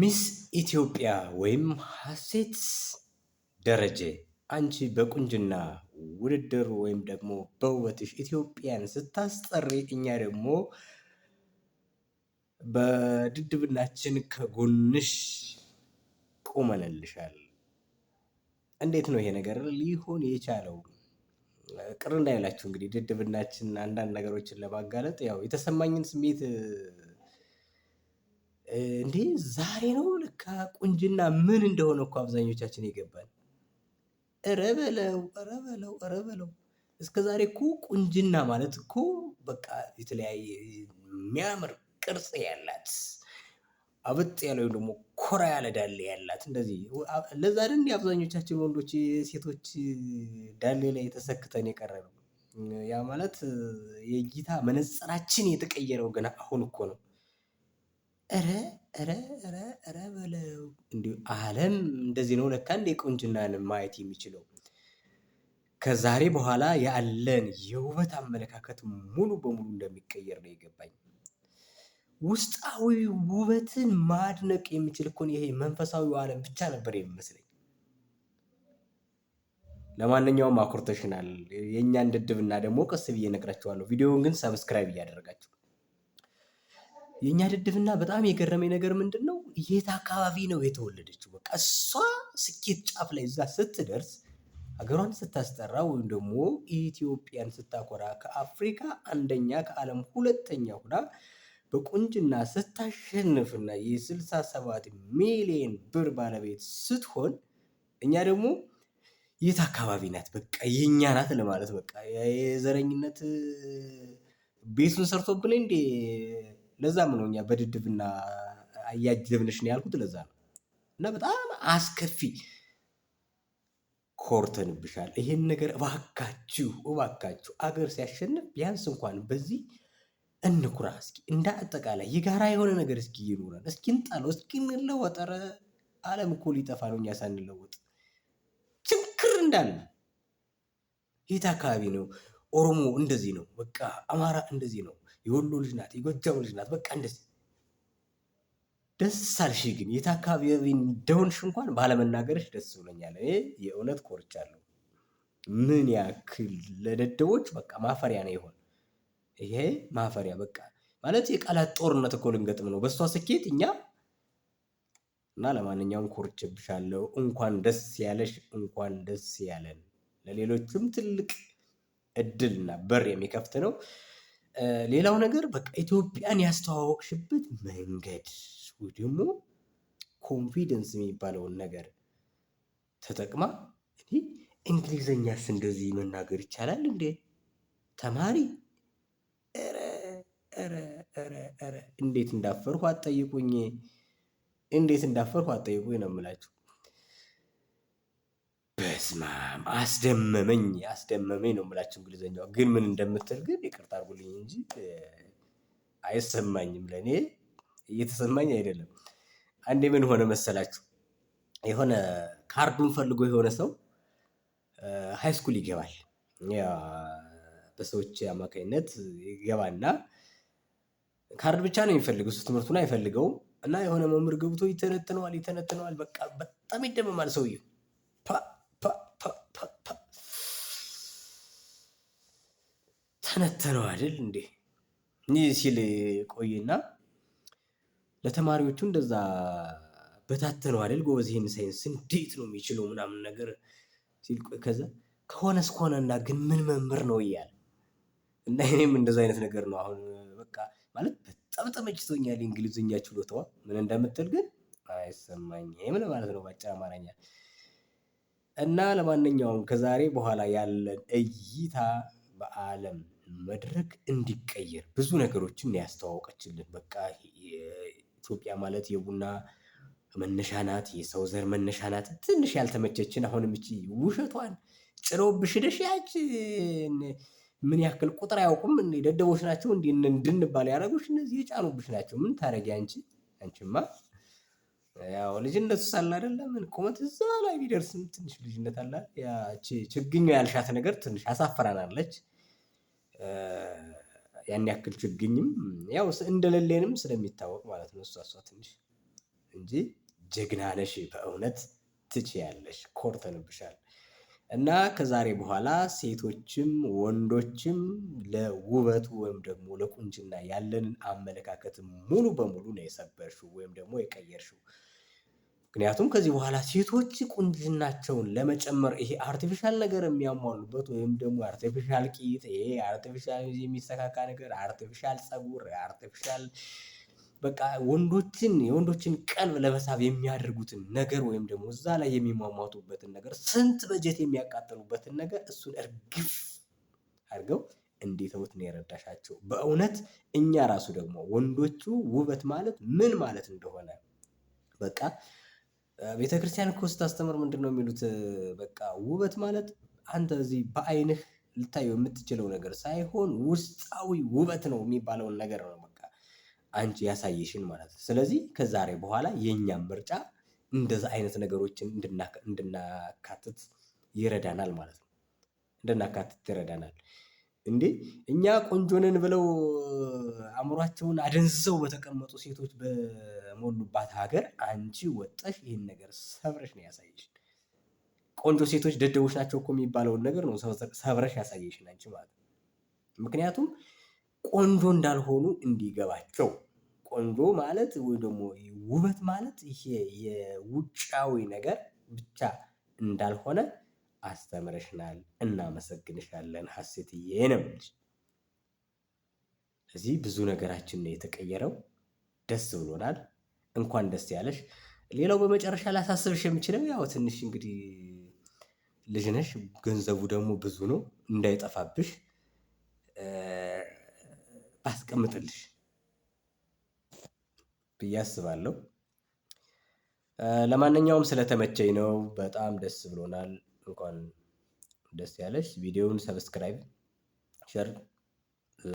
ሚስ ኢትዮጵያ ወይም ሀሴት ደረጀ አንቺ በቁንጅና ውድድር ወይም ደግሞ በውበትሽ ኢትዮጵያን ስታስጠሪ፣ እኛ ደግሞ በድድብናችን ከጎንሽ ቆመንልሻል። እንዴት ነው ይሄ ነገር ሊሆን የቻለው? ቅር እንዳይላችሁ እንግዲህ ድድብናችን አንዳንድ ነገሮችን ለማጋለጥ ያው የተሰማኝን ስሜት እንዴ ዛሬ ነው ልካ ቁንጅና ምን እንደሆነ እኮ አብዛኞቻችን የገባል። ኧረ በለው ኧረ በለው በለው እስከ ዛሬ እኮ ቁንጅና ማለት እኮ በቃ የተለያየ የሚያምር ቅርጽ ያላት አበጥ ያለ ወይም ደግሞ ኮራ ያለ ዳሌ ያላት እንደዚህ። ለዛ ደን አብዛኞቻችን ወንዶች ሴቶች ዳሌ ላይ የተሰክተን የቀረ ነው። ያ ማለት የእይታ መነጽራችን የተቀየረው ገና አሁን እኮ ነው። ረ ረ ረ ረ በለው እንዲሁ ዓለም እንደዚህ ነው ለካ እንዴ ቁንጅናን ማየት የሚችለው። ከዛሬ በኋላ ያለን የውበት አመለካከት ሙሉ በሙሉ እንደሚቀየር ነው የገባኝ። ውስጣዊ ውበትን ማድነቅ የሚችል እኮ ይሄ መንፈሳዊ ዓለም ብቻ ነበር የሚመስለኝ። ለማንኛውም አኩርተሽናል። የእኛን ድድብና ደግሞ ቀስ ብዬ ነግራችኋለሁ። ቪዲዮውን ግን ሰብስክራይብ እያደረጋችሁ የእኛ ድድብና በጣም የገረመኝ ነገር ምንድን ነው፣ የት አካባቢ ነው የተወለደችው? በቃ እሷ ስኬት ጫፍ ላይ እዛ ስትደርስ ሀገሯን ስታስጠራ ወይም ደግሞ ኢትዮጵያን ስታኮራ ከአፍሪካ አንደኛ ከዓለም ሁለተኛ ሁና በቁንጅና ስታሸንፍና የ67 ሚሊዮን ብር ባለቤት ስትሆን እኛ ደግሞ የት አካባቢ ናት? በቃ የኛ ናት ለማለት በቃ የዘረኝነት ቤቱን ሰርቶብን እንዴ ለዛም ነው እኛ በድድብና እያጀብንሽ ነው ያልኩት። ለዛ ነው እና በጣም አስከፊ ኮርተንብሻል። ይሄን ነገር እባካችሁ እባካችሁ አገር ሲያሸንፍ ቢያንስ እንኳን በዚህ እንኩራ። እስኪ እንደ አጠቃላይ የጋራ የሆነ ነገር እስኪ ይኑረን፣ እስኪ እንጣለው፣ እስኪ እንለወጠረ። ዓለም እኮ ሊጠፋ ነው እኛ ሳንለወጥ ችንክር እንዳለ የት አካባቢ ነው ኦሮሞ እንደዚህ ነው፣ በቃ አማራ እንደዚህ ነው የወሎ ልጅ ናት፣ የጎጃም ልጅ ናት። በቃ እንደዚህ ደስ አልሽ። ግን የት አካባቢ እንደሆንሽ እንኳን ባለመናገርሽ ደስ ብሎኛል። እኔ የእውነት ኮርቻለሁ። ምን ያክል ለደደቦች በቃ ማፈሪያ ነው ይሆን ይሄ ማፈሪያ። በቃ ማለት የቃላት ጦርነት እኮ ልንገጥም ነው በእሷ ስኬት እኛ እና ለማንኛውም ኮርችብሻለሁ። እንኳን ደስ ያለሽ፣ እንኳን ደስ ያለን። ለሌሎችም ትልቅ እድልና በር የሚከፍት ነው። ሌላው ነገር በቃ ኢትዮጵያን ያስተዋወቅሽበት መንገድ ወይ ደግሞ ኮንፊደንስ የሚባለውን ነገር ተጠቅማ እንግሊዘኛስ እንደዚህ መናገር ይቻላል እንዴ? ተማሪ እንዴት እንዳፈርሁ አጠይቁኝ፣ እንዴት እንዳፈርሁ አጠይቁኝ ነው የምላችሁ። በስማም አስደመመኝ አስደመመኝ ነው የምላችሁ። እንግሊዘኛው ግን ምን እንደምትል ግን ይቅርታ አርጉልኝ እንጂ አይሰማኝም፣ ለእኔ እየተሰማኝ አይደለም። አንዴ ምን ሆነ መሰላችሁ፣ የሆነ ካርዱን ፈልጎ የሆነ ሰው ሃይስኩል ይገባል፣ በሰዎች አማካኝነት ይገባና ካርድ ብቻ ነው የሚፈልገው፣ እሱ ትምህርቱን አይፈልገውም። እና የሆነ መምህር ገብቶ ይተነትነዋል ይተነትነዋል፣ በቃ በጣም ይደመማል ሰውየው ተነተነው አይደል እንዴ? እንዲህ ሲል ቆይና ለተማሪዎቹ እንደዛ በታተነው አይደል ጎበዝ፣ ይህን ሳይንስ እንዴት ነው የሚችለው ምናምን ነገር ሲል ቆይ፣ ከዛ ከሆነስ ከሆነና ግን ምን መምህር ነው እያለ እና እኔም እንደዛ አይነት ነገር ነው አሁን በቃ ማለት በጣም ተመችቶኛል የእንግሊዝኛ ችሎታዋ ምን እንደምትል ግን አይሰማኝ አይሰማኝም ማለት ነው ባጭር አማርኛ እና ለማንኛውም ከዛሬ በኋላ ያለን እይታ በዓለም መድረክ እንዲቀየር ብዙ ነገሮችን ያስተዋወቀችልን። በቃ ኢትዮጵያ ማለት የቡና መነሻ ናት፣ የሰው ዘር መነሻ ናት። ትንሽ ያልተመቸችን አሁንም እቺ ውሸቷን ጥለውብሽ ሄደሽ ምን ያክል ቁጥር አያውቁም ደደቦች ናቸው እንዲ እንድንባል ያደረጉሽ እነዚህ የጫኑብሽ ናቸው። ምን ታደረጊ አንቺ አንቺማ ያው ልጅነቱ ሳለ አይደለ ምን ቁመት እዛ ላይ ቢደርስም ትንሽ ልጅነት አላት። ችግኛ ያልሻት ነገር ትንሽ አሳፍራናለች። ያን ያክል ችግኝም ያው እንደሌለንም ስለሚታወቅ ማለት ነው። እሷ እሷ ትንሽ እንጂ ጀግና ነሽ በእውነት ትችያለሽ፣ ኮርተንብሻል። እና ከዛሬ በኋላ ሴቶችም ወንዶችም ለውበቱ ወይም ደግሞ ለቁንጅና ያለንን አመለካከት ሙሉ በሙሉ ነው የሰበርሽው ወይም ደግሞ የቀየርሽው። ምክንያቱም ከዚህ በኋላ ሴቶች ቁንጅናቸውን ለመጨመር ይሄ አርቲፊሻል ነገር የሚያሟሉበት ወይም ደግሞ አርቲፊሻል ቂጥ፣ ይሄ አርቲፊሻል የሚስተካካ ነገር፣ አርቲፊሻል ጸጉር፣ አርቲፊሻል በቃ ወንዶችን የወንዶችን ቀልብ ለመሳብ የሚያደርጉትን ነገር ወይም ደግሞ እዛ ላይ የሚሟሟቱበትን ነገር ስንት በጀት የሚያቃጥሉበትን ነገር እሱን እርግፍ አድርገው እንዲተውት ነው የረዳሻቸው። በእውነት እኛ ራሱ ደግሞ ወንዶቹ ውበት ማለት ምን ማለት እንደሆነ በቃ ቤተክርስቲያን እኮ ስታስተምር ምንድን ነው የሚሉት? በቃ ውበት ማለት አንተ እዚህ በአይንህ ልታየው የምትችለው ነገር ሳይሆን ውስጣዊ ውበት ነው የሚባለውን ነገር ነው በቃ አንቺ ያሳየሽን ማለት ነው። ስለዚህ ከዛሬ በኋላ የእኛም ምርጫ እንደዛ አይነት ነገሮችን እንድናካትት ይረዳናል ማለት ነው። እንድናካትት ይረዳናል። እንዴ እኛ ቆንጆ ነን ብለው አእምሯቸውን አደንዝዘው በተቀመጡ ሴቶች በሞሉባት ሀገር አንቺ ወጠሽ ይህን ነገር ሰብረሽ ነው ያሳየሽ። ቆንጆ ሴቶች ደደቦች ናቸው እኮ የሚባለውን ነገር ነው ሰብረሽ ያሳየሽን አንቺ ማለት ነው። ምክንያቱም ቆንጆ እንዳልሆኑ እንዲገባቸው ቆንጆ ማለት ወይ ደግሞ ውበት ማለት ይሄ የውጫዊ ነገር ብቻ እንዳልሆነ አስተምረሽናል፣ እናመሰግንሻለን ሀሴትዬ ነው እዚህ ብዙ ነገራችን ነው የተቀየረው። ደስ ብሎናል። እንኳን ደስ ያለሽ። ሌላው በመጨረሻ ላሳስብሽ የምችለው ያው ትንሽ እንግዲህ ልጅ ነሽ፣ ገንዘቡ ደግሞ ብዙ ነው። እንዳይጠፋብሽ ባስቀምጥልሽ ብዬ አስባለሁ። ለማንኛውም ስለተመቸኝ ነው። በጣም ደስ ብሎናል። እንኳን ደስ ያለሽ። ቪዲዮውን ሰብስክራይብ፣ ሸር